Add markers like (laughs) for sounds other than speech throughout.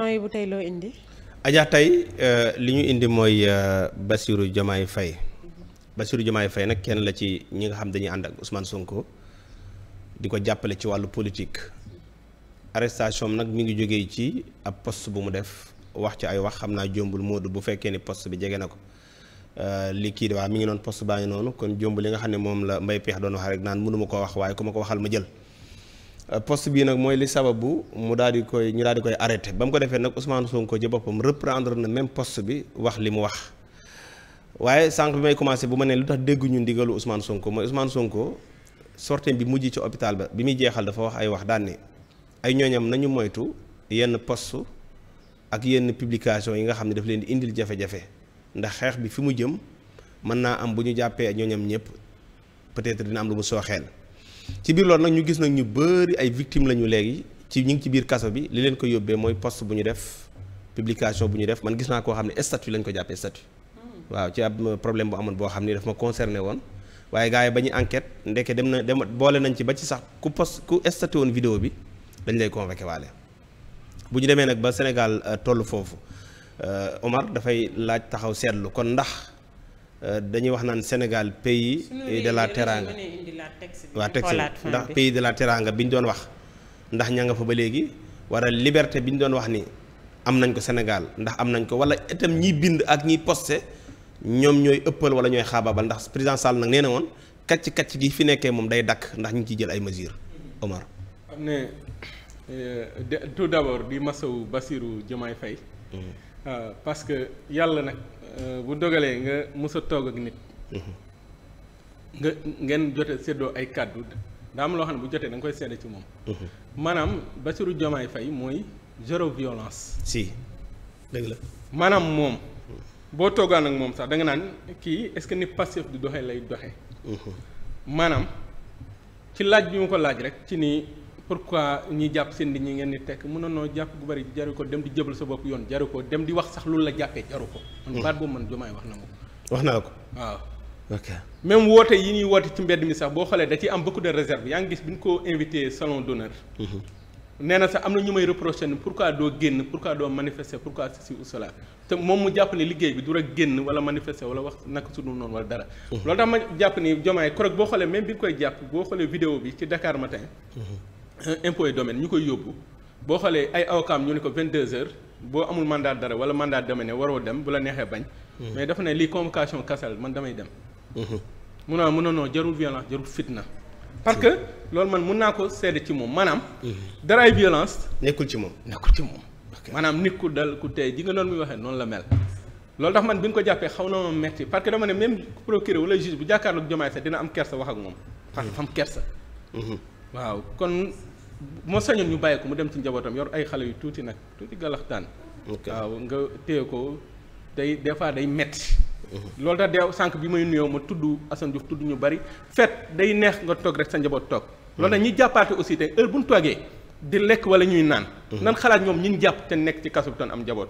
son yi tey loo indi. Adja tey euh, li ñu indi mooy euh, Bassirou Diomaye Faye mm-hmm. Bassirou Diomaye Faye nag kenn la ci ñi nga xam dañuy ànd ak Ousmane Sonko di ko jàppale ci wàllu politique arrestation nag mi ngi jógee ci ab poste bu mu def wax ci ay wax xam naa jombul moodu bu fekkee ni post bi jege na ko euh, li kii de waa mi ngi noon poste baa ngi noonu kon jomb li nga xam ne moom la mbay peex doon wax rek naan mënuma ko wax waaye ku ma ko waxal ma jël. Euh, post bii nag mooy li sababu mu daal di koy ñu daal di koy arrêté ba mu ko defee nag Ousmane Sonko ci boppam reprendre na même post bi wax li mu wax waaye sànq bi may commencé bu ma nee lu tax dégguñu ndigalu Ousmane Sonko mooy Ousmane Sonko sortie bi mujj ci hôpital ba bi muy jeexal dafa wax ay wax daan ay ñooñam nañu moytu yenn poste ak yenn publication yi nga xam ne daf leen di indil jafe-jafe ndax xeex bi fi mu jëm mën naa am bu ñu jàppee ñooñam ñëpp peut-être dina am lu mu sooxeel ci biir loolu nag ñu gis nag ñu bëri ay victimes lañu léegi ci ñu ngi ci biir kaso bi li leen ko yóbbee mooy post bu ñu def publication bu ñu def man gis naa koo xam ne statut lañ ko jàppee statut. Hmm. waaw ci ab problème bu amoon boo xam ni daf ma concerné woon waaye gars yi ba ñu enquête ndeke dem na dem boole nañ ci ba ci sax ku post ku statut woon vidéo bi dañ lay convoqué waale. bu ñu demee nag ba Sénégal euh, toll foofu euh, Omar dafay laaj taxaw seetlu kon ndax. Euh, dañuy wax naan Sénégal pays de la teranga waa texte ndax pays de la teranga bi ñu doon wax ndax ña nga fa ba léegi wala liberté bi ñu doon wax ni am nañ ko Sénégal ndax am nañ ko wala itam ñiy bind ak ñiy posté ñoom ñooy ëppal wala ñooy xaabaabal ndax président Sall nag nee na woon kacc kacc gi fi nekkee moom day dakk ndax ñu ngi ciy jël ay mesures Omar. am ne euh, tout d'abord di masawu Bassirou Diomaye Faye mm. waaw euh, parce que yàlla nag euh, bu dogalee nga mës a toog ak nit. Mhm. nga ngeen jote séddoo ay kàddu daa am loo xam ne bu jotee da nga koy seede ci moom. Mhm. maanaam Bassirou Diomaye fay mooy zéro violence. si dëgg la. maanaam moom mhm. boo toogaan ak moom sax da nga naan kii est-ce que ni passif di doxee lay doxee. maanaam ci laaj bi mu ko laaj rek ci nii pour quoi ñi jàpp seen nit ñi ngeen di tekk mën na noo jàpp bu bari jaru ko dem di jëbal sa bopp yoon jaru ko dem di wax sax loolu la jàppee jaru ko man hmm. baat boobu man jomaay wax na wax na ko waaw ok même woote yi ñuy woote ci mbedd sax boo xoolee da am beaucoup de réserve yaa ngi gis bi ñu ko invité salon d'honneur hmm. nee na sax am na ñu may reproché ni pourquoi doo génn pourquoi doo manifester pourquoi ceci ou cela te liggéey bi du rek génn wala manifester wala wax naka su dul noonu wala dara. Hmm. loolu tax ma jàpp ni jomaay korog boo xoolee même bi ñu koy jàpp boo xoolee vidéo bi ci Dakar matin. Euh, impôt et domaine ñu koy yóbbu boo xoolee ay awkaam ñu ne ko 22 heures boo amul mandat dara wala mandat domaine waroo dem bu la neexee bañ. Hmm. mais dafa ne lii convocation kasal man damay dem. Hmm. mun naa mun na noo jarul violence jarul fitna. Hmm. parce que loolu man mun naa ko seede ci moom maanaam. daraay violence. nekkul ci moom nekkul ci moom. maanaam nit ku dal ku tey ji nga noonu muy waxee noonu la mel. loolu tax man bi ñu ko jàppee xaw na ma metti parce que dama ne même procureur wala juge bu jàkkaarloog jomaay moo sañoon ñu bàyyi ko mu dem ci njabootam yor ay xale yu tuuti nag tuuti galaxtaan waaw nga téye ko day des fois day metti mhm. loolu da deew sànq bi may nuyoo ma tudd Assane Diouf tudd ñu bari fet day neex nga toog rek sa njaboot toog loolu nag ñi jàppaate aussi tey heure bu ñu toogee di lekk wala ñuy naan mhm. nan xalaat ñoom ñi jàpp te nekk ci kaso bi doon am njaboot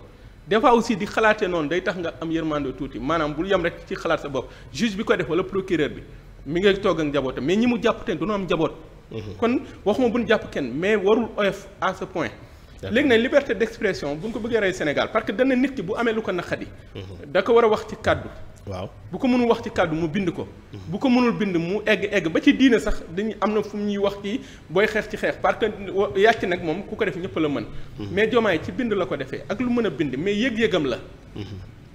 des fois aussi di xalaatee noonu day tax nga am yërmande tuuti maanaam bul yem rek ci xalaat sa bopp juge bi ko def wala procureur bi mi ngay toog ñi mu jàpp te du ñu Mhm. kon waxuma bu ñu jàpp kenn mais warul oyof à ce point. léegi nag liberté d'expression bu ñu ko bëggee rey Sénégal parce que dana nit ki bu amee lu ko naqadi. Mhm. da ko war a wax ci kàddu. waaw bu ko mënul wax ci kàddu mu bind ko. Mhm. bu ko mënul bind mu egg egg ba ci diine sax dañuy am na fu ñuy wax ci booy xeex ci xeex parce que yàcc nag moom ku ko def ñëpp la mën. mais jomaay ci bind la ko defee ak lu mën a bind mais yëg-yëgam la.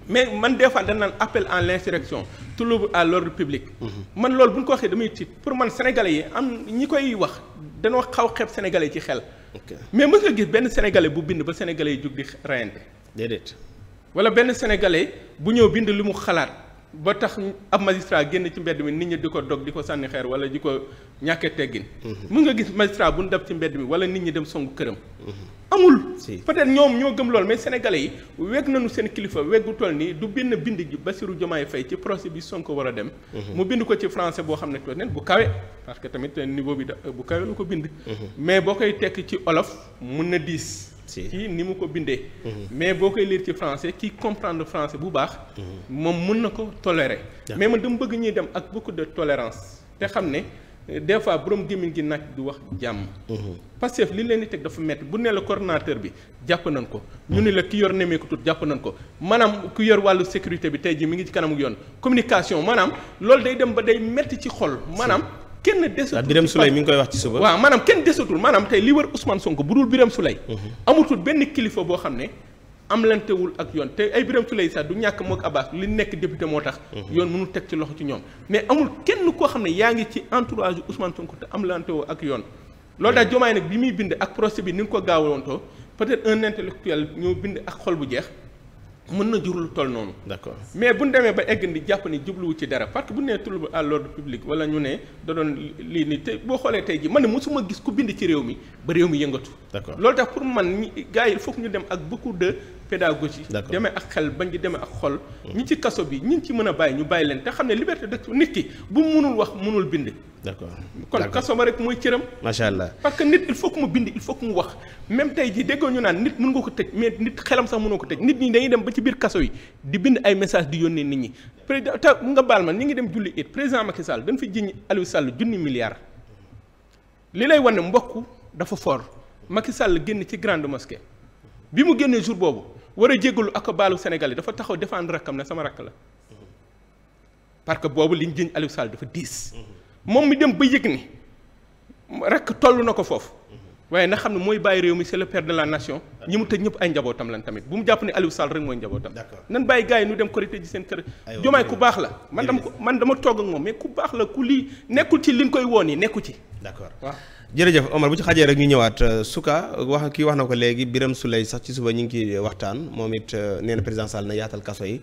mais man des fois dañ naan appel en l' insurrection trouble à l'ordre public. Mm-hmm. man loolu bu ñu ko waxee damay tiit pour man sénégalais yi am ñi koy wax dañoo xaw xeeb sénégalais ci xel. mais ma nga gis benn sénégalais bu bind ba sénégalais yi jug di reyante. déedéet. wala benn sénégalais bu ñëw bind li mu xalaat. ba tax ab magistrat génn ci mbedd mi nit ñi di ko dog di ko sànni xeer wala di ko ñàkkee teggin. mën mhm. nga gis magistrat bu ñu dab ci mbedd mi wala nit ñi dem songu këram. Mhm. amul. peut-être ñoom ñoo gëm lool mais sénégalais yi wegg nañu seen kilifa weggu toll nii du benn bind ji Bassirou Diomaye Faye ci procès bi Sonko war a dem. Mhm. mu bind ko ci français boo xam ne toog bu kawe parce que tamit niveau bi bu kawe lu ko bind. mais boo koy tekk ci olof mun si ci ni mu ko bindee. Mhm. mais boo koy lire ci français ki comprendre français bu baax. Mhm. moom mun na ko tolérer. mais man dama bëgg ñuy dem ak beaucoup de tolérance te xam ne. Euh, des fois borom gémmiñ gi nag du wax jàmm. Mhm. Pastef li leen di teg dafa métti bu ne la coordonnateur bi jàpp nañ ko. ñu ni la ki yor nemmeeku tut jàpp nañ ko maanaam ku yor wàllu sécurité bi tey jii mi ngi ci kanamu yoon communication maanaam loolu day dem ba day métti ci xol maanaam. kenn desatul Birame Souleye mi ngi koy wax ci suba. waaw maanaam kenn desatul maanaam tey li wër Ousmane Sonko bu dul Birame Souleye. Mhm. amatul benn kilifa boo xam ne amlantewul ak yoon te ay Birame Souleye sax du ñàkk moog Abbas li nekk député moo tax. Mhm. yoon mënul teg ci loxo ci ñoom. mais amul kenn koo xam ne yaa ngi ci entourage Ousmane Sonko te amlantewoo ak yoon. loolu daal jomaay mhm. nag bi muy bind ak procès bi ni ko gaawaloon too peut-être en intellectuel ñoo bind ak xol bu jeex. mën na jurul lu toll noonu. d'accord mais bu ñu demee ba egg ni jàpp ni jubluwu ci dara parce que bu ñu nee trouble à l'ordre public wala ñu ne da doon lii ni te boo xoolee tey jii man ne mosuma gis ku bind ci réew mi ba réew mi yëngatu. d'accord loolu tax pour man gars yi il faut ñu dem ak beaucoup de pédagogie demee ak xel bañ di demee ak xol ñi ci kaso bi ñi ci mën a bàyyi ñu bàyyi leen te xam ne liberté de nit ki bu munul wax munul bind kon kaso ba rek mooy cëram macha allah parce que nit il faut que mu bind il faut que mu wax même tey jii déggoo ñu naan nit mun nga ko tëj mais nit xelam sax mënoo ko tëj nit ñi dañuy dem ba ci biir kaso yi di bind ay message di yónnee nit ñi président te nga baal ma ñi ngi dem julli it président Macky Sall dañ fi jiñ Aliou Sall junni milliard li lay wane mbokk dafa fort Macky Sall génn ci grande mosquée bi mu génnee jour boobu war a jégalu ak baalu Sénégal yi dafa taxaw défendre rakkam na sama rakk la parce que boobu liñ jëñ Aliou Sall dafa diis moom mi dem ba yëg ni rakk toll na ko foofu waaye na xam ne mooy bàyyi réew mi c'est le père de la nation ñi mu tëj ñëpp ay njabootam lan tamit bu mu jàpp ni Aliou Sall rek mooy njabootam nan bàyyi gaa yi nu dem korité ji seen kër jomaay ku baax la man dama ko man dama togg ak moom mais ku baax la ku lii nekkul ci li nga koy woon yi nekku ci d'accord waaw jërëjëf Omar bu ci xajee rek ñu ñëwaat euh, Souka wax ki wax na ko léegi Birame Souleye sax ci suba ñu ngi ciy waxtaan moom it euh, nee na président Sall na yaatal kaso yi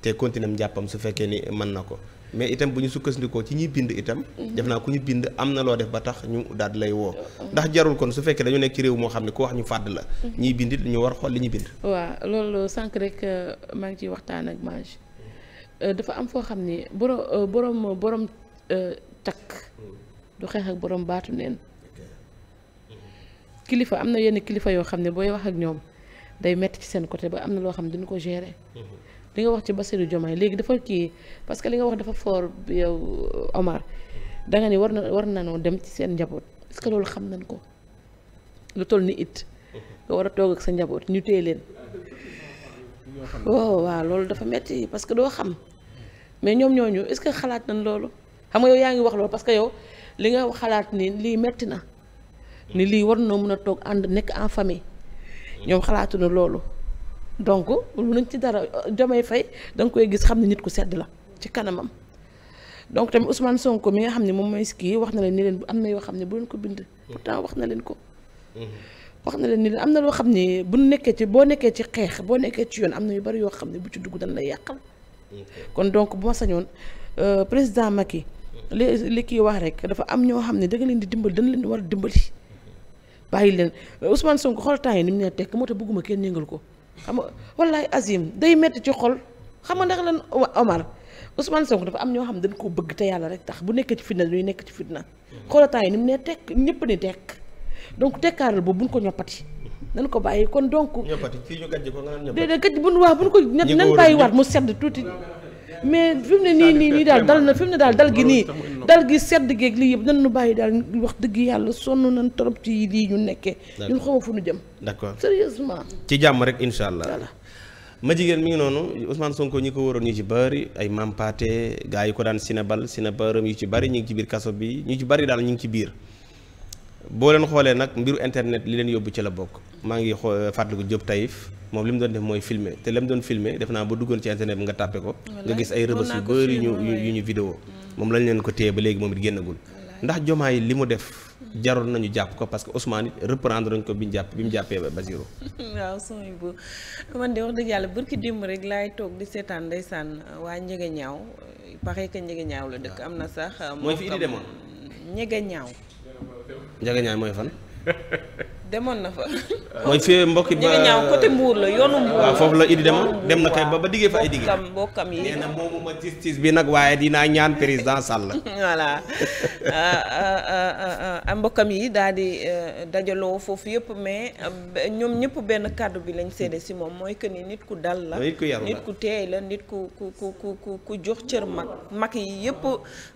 te continuer am jàppam su fekkee ni mën na ko mais itam bu ñu sukkandikoo ci ñuy bind itam. Mhm. def naa ku ñu bind am na loo def ba tax ñu daal lay woo. ndax jarul kon su fekkee dañu nekk ci réew moo xam ne ku wax ñu fàdd la. Mhm. ñuy bind it ñu war xool li ñuy bind. waaw loolu sànq rek euh, maa ngi ciy waxtaan ak Mange dafa am foo xam ni borom borom borom takk mm. borom baatu neen kilifa am na yenn kilifa yoo xam ne booy wax ak ñoom day metti ci seen côté ba am na loo xam ne duñu ko gérer. Mhm. li nga wax ci Bassirou Diomaye léegi dafa kii parce que li nga wax dafa fort yow Omar danga ni war na war na nañoo dem ci seen njaboot est-ce loolu xam nañ ko lu toll ni it. Mhm. nga war a toog ak sa njaboot ñu téye leen. Oh, waa loolu dafa metti parce que doo xam mais ñoom ñooñu est-ce que xalaat nañ loolu xam nga yow yaa ngi wax loolu parce que yow li nga xalaat ni lii metti na. ni lii war noo mën a toog ànd nekk en famille ñoom xalaatuñu loolu donc mënuñ ci dara Diomaye Faye da koy gis xam ne nit ku sedd la ci kanamam donc tamit Ousmane Sonko mi nga xam ne moom mooy kii wax na leen ni leen am na yoo xam ne bu leen ko bind pourtant wax na leen ko wax na leen ni am na loo xam ne bu nekkee ci boo nekkee ci xeex boo nekkee ci yoon am na yu bari yoo xam ne bu ci dugg dañ lay yàqal kon donc bu ma sañoon euh, président Macky li li kii wax rek dafa am ñoo xam ne da leen di dimbali dana leen war a dimbali bàyyi leen Ousmane Sonko xool temps yi ni mu ne tekk moo tax bëgguma kenn yëngal ko xam nga wallaay Azim day metti ci xol xam nga ndax lan Omar Ousmane Sonko dafa am ñoo xam dañ koo bëgg te yàlla rek tax bu nekkee ci fitna dañuy nekk ci fitna xoola temps yi ni mu ne tekk ñëpp ni tekk donc tekkaaral boobu buñ ko ñoppati nan ko bàyyi kon donc. ñoppati fii ñu ko nga naan ñoppati déedéet gàjj bu nu waa bu ñu ko. nan bàyyi waat mu sedd tuuti. mais fi mu ne nii nii nii daal dal na fi mu ne daal dal gi nii dal gi sedd geeg lii yëpp nan nu bàyyi daal wax dëgg yàlla sonn nañ trop ci lii ñu nekkee ñun xaw fu nu jëm sérieusement ci jàmm rek insha allah ma jigéen mi ngi noonu Ousmane Sonko ñi ko waroon ñu ci bari ay mampaate gaa yi ko daan sinabal sinabaram yu ci bari ñu ngi ci biir kaso bi ñu ci bari daal ñu ngi ci biir boo leen xoolee nag mbiru internet li leen yóbbu ci la bokk maa ngi xoo fàttaliku Diop Taïf moom li mu doon def mooy filmer te la mu doon filmer def naa ba duggoon ci internet bi nga tàppe ko nga gis ay rëbës yu bëri ñu yu ñu vidéo mm. moom lañ leen ko téye ba léegi moom it génnagul ndax jomaay li mu def jaroon nañu jàpp ko parce que Ousmane it reprendre nañ ko bi ñu jàpp bi mu jàppee Basirou. (laughs) waaw sooy bu man de wax dëgg yàlla ki démb rek laay toog di seetaan ndeysaan uh, waa Njëge ñaaw il paraît que Njëge la dëkk am na sax. Uh, mooy fi indi ñaaw. Ndiaga Ndiaye mooy fan. (laughs) demoon na fa. mooy fee mbokki ba ñaaw côté la yoonu Mbour. foofu la idi demoon dem na kay ba ba diggee fa ay diggee. bokkam bokkam bi nag waaye dinaa ñaan président Sall. (laughs) voilà ah, ah, ah, mbokkam yi daal di euh, dajaloo foofu yëpp mais euh, ñoom ñëpp benn kàddu bi lañ seede si moom mooy que ni nit ku dal la. nit ku ku teey la nit ku ku ku ku ku jox cër mag mag yi yëpp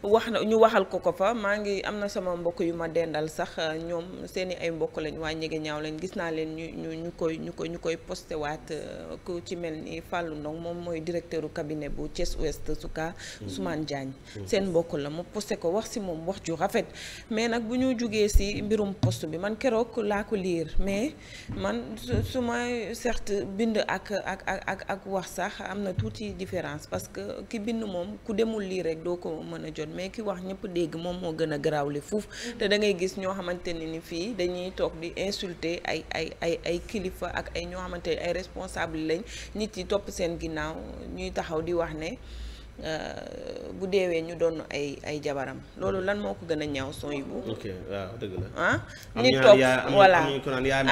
wax na ñu waxal ko ko fa maa ngi am na sama mbokk yu ma dendal sax ñoom seeni ay mbokk lañ wàññi. njege ñaaw lañ gis naa leen ñu ñu ñu koy ñu koy ñu koy posté waat euh, ku ci mel ni Fallou Ndong moom mooy directeur u cabinet bu Thiès Ouest su ka mhm. Ousmane Diagne mhm. seen mbokk la mu posté ko wax si moom wax ju rafet mais nag bu ñu jugee si mbirum poste bi man keroog laa ko liir mais man su may certes bind ak ak ak ak wax sax am na tuuti différence parce que ki bind moom ku demul lii rek doo ko mën a jot mais ki wax ñëpp dégg moom moo gën a garaaw li fuuf mhm. te da gis ñoo xamante ni fii insulter ay ay ay ay kilifa ak ay ñoo xamante ay responsable lañ nit ñi topp seen ginnaaw ñuy taxaw di wax ne Euh, bu deewee ñu doon ay ay jabaram loolu lan moo ko gën a ñaw son yi bu ok nit ah? toog voilà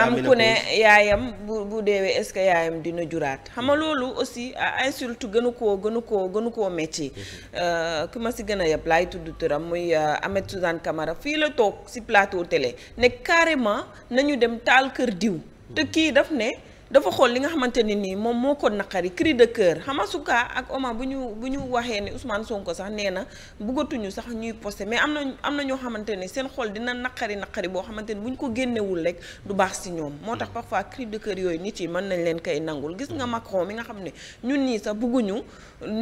am ku ne yaayam bu bu deewee est-ce que yaayam dina juraat xam nga loolu aussi insulte gënu koo gënu koo gënu koo metti ku euh, ma si gën a yëpp laay tudd turam muy euh, Ahmed Suzanne Camara fii la toog si plateau télé ne carrément nañu dem taal kër diw hmm. te kii daf ne dafa xool li nga xamante ne nii moom moo ko naqari cri de cœur Hamasuka ak Oma bu ñu bu ñu waxee ne Ousmane Sonko sax nee na bëggatuñu sax ñuy posté mais am na am na ñoo xamante ne seen xol dina naqari naqari boo xamante ne bu ñu ko génnewul rek du baax si ñoom moo tax parfois cri de cœur yooyu nit yi mën nañ leen koy nangul gis nga Macron mi nga xam ne ñun nii sax bëgguñu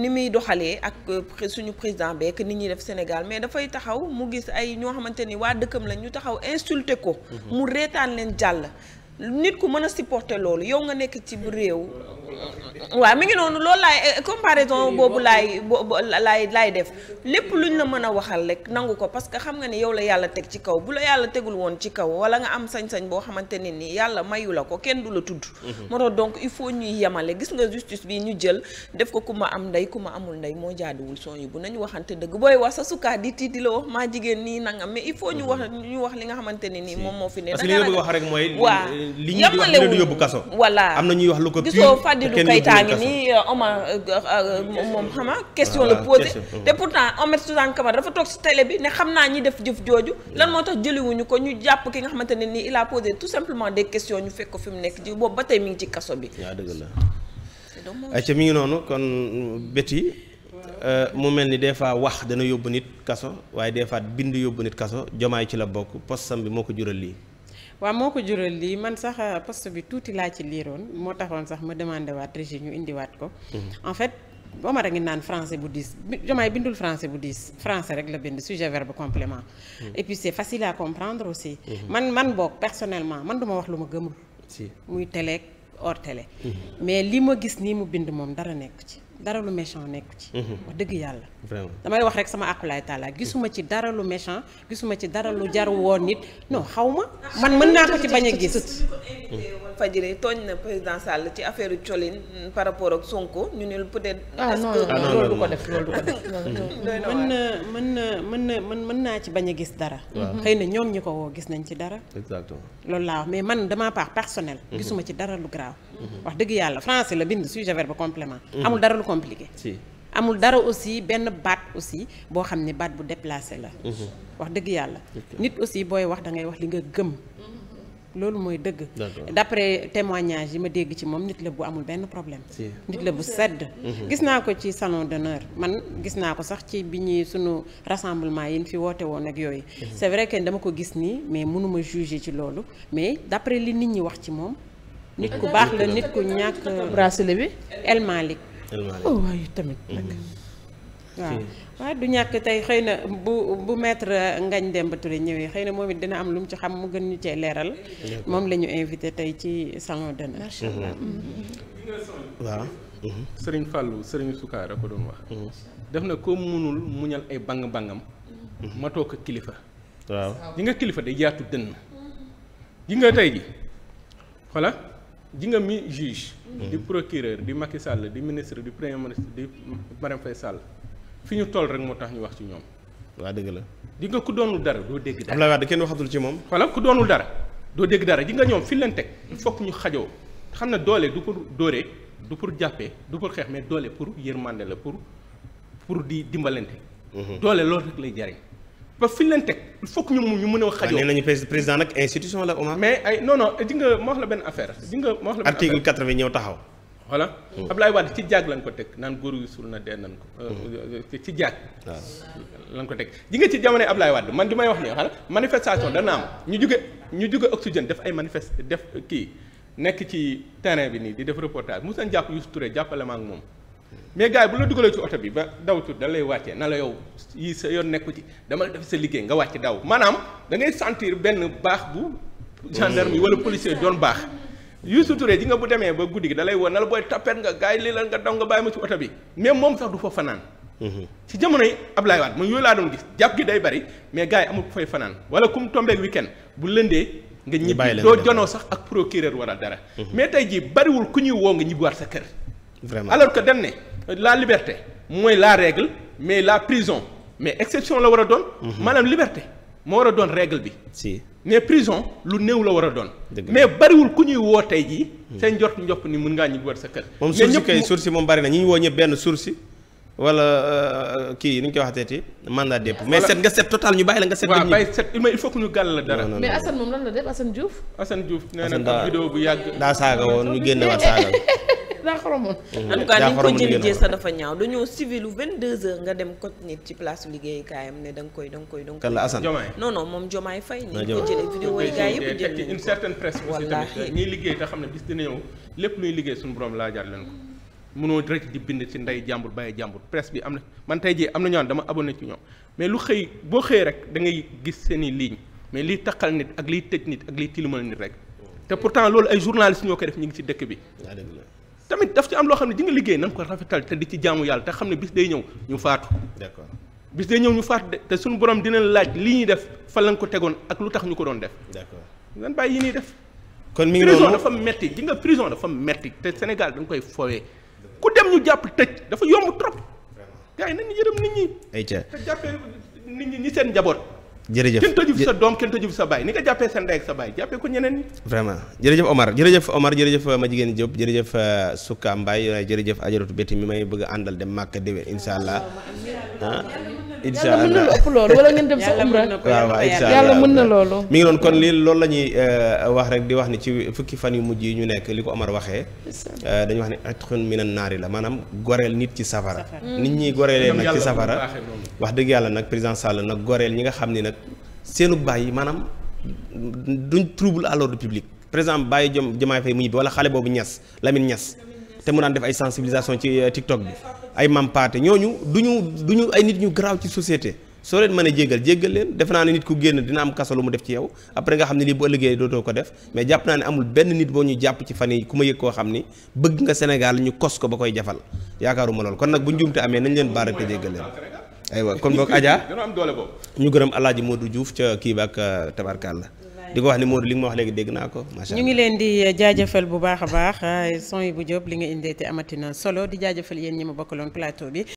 ni muy doxalee ak euh, suñu président beek nit ñuy def Sénégal mais dafay taxaw mu gis ay ñoo xamante ni waa dëkkam la ñu taxaw insulté ko mm-hmm. mu reetaan leen jàll nit ku mën a supporter loolu yow nga nekk ci bu réew. waa mi ngi noonu loolu laay eh, comparaison boobu laay lay laay def lépp luñ la mën a waxal rek nangu ko parce que xam nga ni yow la yàlla teg ci kaw bu la yàlla tegul woon ci kaw wala nga am sañ-sañ boo xamante ne nii yàlla mayu la ko kenn du la tudd. Mhm. moo tax donc il faut ñuy yemale gis nga justice bii ñu jël def ko ku ma am ndey ku ma amul ndey moo jaaduwul son yi bu nañu waxante dëgg booy wax sa sukaa di tii di la wax maa jigéen nii nangam mais il faut ñu mhm. wax ñu wax li nga xamante ne nii moom moo fi ne. da nga wax rek mooy. li ñuy kaso voilà am na ñuy wax lu ko gisoo Fadilou Keita ngi nii euh, Omar euh, euh, moom xama question la posé te pourtant Omar Suzanne Camara dafa toog si télé bi ne xam naa ñi def jëf jooju mm. lan moo tax jëliwuñu ko ñu jàpp ki nga xamante ne nii il a posé tout simplement de questions ñu fekk ko fi mu nekk ji boobu ba tay mi ngi ci kaso bi yaa dëgg la ayca mi ngi noonu kon Betty mu mel ni des fois wax dana yóbbu nit kaso waaye des fois bind yóbbu nit kaso jomaay ci la bokk post bi moo ko jural lii waaw moo ko jural lii man sax euh, poste bi tuuti laa ci liiroon moo taxoon sax ma demandé waat régie ñu indiwaat ko. Mhm. en fait mar a ngi naan français bu diis Diomaye bindul français bu diis français rek la bind sujet verbe complément. Mhm. et puis c'est facile à comprendre aussi. Mhm. man man boog personnellement man du ma wax lu ma gëmul. si muy télé hors télé. mais li ma gis nii mu bind moom dara nekk ci. dara lu méchant nekku ci. Mhm. wax dëgg yàlla. damay wax rek sama akulaay taala gisuma ci dara lu méchant gisuma ci dara lu jaru woon nit non xaw ma man mën naa ko ci bañ a gis. invité tooñ na président Sall ci affaire colin mm, par rapport ak Sonko ñu ne peut-être. ah non ko def loolu du ko (laughs) mën na mën na mën mën naa ci bañ a gis dara. Mhm. xëy na ñoom ñi ko gis nañ ci dara. exactement loolu laa wax mais man damaa paax personnel. Mhm. gisuma ci dara lu grave. Mhm. wax dëgg yàlla français la bind sujet ba complément. amul dara lu compliqué. amul dara aussi benn baat aussi boo xam ne baat bu déplacé la. wax dëgg yàlla. nit aussi booy wax da ngay wax li nga gëm. loolu mooy dëgg d'après témoignage yi ma dégg ci moom nit la bu amul benn problème nit la bu sedd mhm. gis naa ko ci salon d'honneur man gis naa ko sax ci bi ñuy sunu rassemblement yi ñu fi woote woon ak yooyu mhm. c'est vrai que dama ko gis nii mais mënuma juger ci loolu mais d'après li nit ñi wax ci moom nit ku baax la nit ku ñàkk bracelet bi El Malick oh waaye tamit nag mhm. waaw du ñàkk tey xëy na bu bu maître ngañ Demba Touré ñëwee xëy na moom it dina am lu mu ci xam mu gën ñu cee leeral moom lañu ñu invité tey ci salon d'honneur mhm. Mhm. waaw mhm. sëriñ Fallou sëriñ Soukaar a doon wax def na ko munul muñal ay bang-bangam matoo ko kilifa waaw ji nga kilifa day yaatu dënn ji nga tey ji xoola ji nga mi juge di procureur di Macky Sall di ministre di premier ministre di Marième Faye Sall fi ñu toll rek moo tax ñu wax ci ñoom. waa dëgg la. di nga ku doonul dara doo dégg dara. Abdoulaye Wade kenn waxatul ci moom. voilà ku doonul dara doo dégg dara di nga ñoom fi leen teg il faut ñu xajoo xam ne doole du pour dóoree du pour jàppee du pour xeex mais doole pour yërmande la pour pour di dimbalante. Mhm. doole loolu rek lay jariñ ba fi leen teg il faut que ñu ñu mën a ah, xajoo mais ay non ma wax la benn affaire di nga ma wax la benn article 80 ñëw taxaw. voilà mm. Ablaye Wade ci jaag lañ ko teg naan góor yu suul na de nañ ko. Euh, mm. euh, euh, ci jaag. waaw ah. lañ ko teg ji nga ci jamonoy Ablaye Wade man di may wax nii xanaa manifestation dana am ñu jóge ñu juge oxygène def ay manifest def kii nekk ci terrain bi nii di def reportage mu seen jàpp Youssou Touré jàppale ma moom. mais gars bu la dugalee ci oto bi ba daw tuut da lay wàccee na la yow yi sa yoon nekku ci dama la def sa liggéey nga wàcc daw maanaam da ngay sentir benn baax bu gendarme yi wala policier doon baax. yu Touré ji nga bu demee ba guddi gi dalay lay woon na la booy tapet nga gars yi lii la nga daw nga bàyyi ma ci oto bi mais moom sax du fa fanaan mhm. ci jamonoy Ablaye Wade man yooyu laa doon gis jàpp gi day bari mais gars yi amul fay fanaan wala ku mu tombeek week-end bu lëndee nga ñibbi doo jonoo sax ak procureur wala dara mhm. mais tey jii bariwul ku ñuy woo nga ñibbiwaat sa kër vraiment alors que dañ ne la liberté mooy la règle mais la prison mais exception la war a doon mhm. maanaam liberté moo war a doon règle bi si mais prison lu new la war a doon. mais bariwul ku ñuy woo tey jii. seen jot njopp ni mun ngaa ñibbi war sa kër. moom sursi kay sursi moom bari na ñi ñu woo ñëpp benn sursi wala euh, kii nu ñu koy waxatee mandat dépôt. mais set nga set total ñu bàyyi la nga set. waaw bàyyi set il faut que ñu gàll la dara. mais Assane moom lan la def Assane Diouf. Assane Diouf nee na vidéo bu yàgg. daa saaga woon ñu génnewaat waat saaga. (laughs) daa xoromoon. Mm-hmm. en tout cas ni nga ko jëlijee sa dafa ñaaw dañoo civil lu 22h nga dem kot nit ci place liggéeyukaayam ne da nga koy da nga koy. kan la Assane non non moom Jomaay Faye. ni ko jëlee vidéo yi gars yëpp jël nañu une certaine presse aussi tamit ñiy liggéey te xam ne bis dina ñëw lépp luy liggéey suñu borom laajaat leen ko. mënoo rek di bind ci ndey jàmbur bàyyi jàmbur presse bi am na man tey jii am na ñoo dama abonné ci ñoom mais lu xëy boo xëyee rek da ngay gis seeni ligne mais liy taqal nit ak liy tëj nit ak liy tilimal nit rek oh. te pourtant loolu ay journalistes ñoo koy def ñu ngi ci dëkk bi tamit daf ci am loo xam ne di nga liggéey na ko rafetal te di ci jaamu yàlla te xam ne bis day ñëw ñu faatu. d'accord bis day ñëw ñu faatu te suñu borom dina laaj li ñuy def fan lañ ko tegoon ak lu tax ñu ko doon def. d'accord lan bàyyi yi ñuy def. kon mi ngi prison dafa metti ji nga prison dafa metti te Sénégal dañ koy foowee ku dem ñu jàpp tëj dafa yomb trop. gars yi nañu yërëm nit ñi. ay ca te jàppee nit ñi ñi seen njaboot. jërëjëf kenn tëju fi sa doom kenn tëju fi sa baay ni nga jàppee seen ndey ak sa baay jàppee ko ñeneen ñi vraiment jërëjëf Omar jërëjëf Omar jërëjëf euh, ma jigéen Diop jërëjëf euh, Souka Mbaye jërëjëf ajaratu Betty mi may bëgg àndal dem Màkka déwén incha allah ah. incha allah yàlla mën na lu ëpp loolu wala ngi doon kon lii loolu la ñuy euh, wax rek di wax ni ci fukki fan yu mujj yi ñu nekk li ko Omar waxee euh, dañu wax ne itqun minan naari la maanaam goreel nit ci safara hmm. nit ñi goreelee nag ci safara wax dëgg yàlla nag président Sall nag goreel ñi nga xam ni nag seenu bàyyi maanaam duñ trouble à l'ordre public par exemple bàyyi jom jamaay fay mu ñibbi wala xale boobu ñas Lamine ñas te mu naan def ay sensibilisation ci euh, TikTok bi ay mampaate ñu du ñu du ñu ay nit ñu garaaw ci société soo leen mën a jégal jégal leen def naa ne nit ku génn dina am kaso lu mu def ci yow après nga xam ne lii bu ëllëgee dootoo ko def mais jàpp naa ne amul benn nit boo ñu jàpp ci fan yi ku ma yëg koo xam ni bëgg nga Sénégal ñu kos ko ba koy jafal yaakaaruma lool kon nag bu njuumte amee nañ leen baarate jégal leen aywa kon boog Adja ñu gërëm Alaaji Modou Diouf ca kii ba ak euh, tabarkàlla di ko wax ni Modou li nga ma wax léegi dégg naa ko ñu ngi leen di jaajafal bu baax a baax son bu jóob li nga indee te amatina solo di jaajëfal yéen ñi ma bokkaloon plateau bi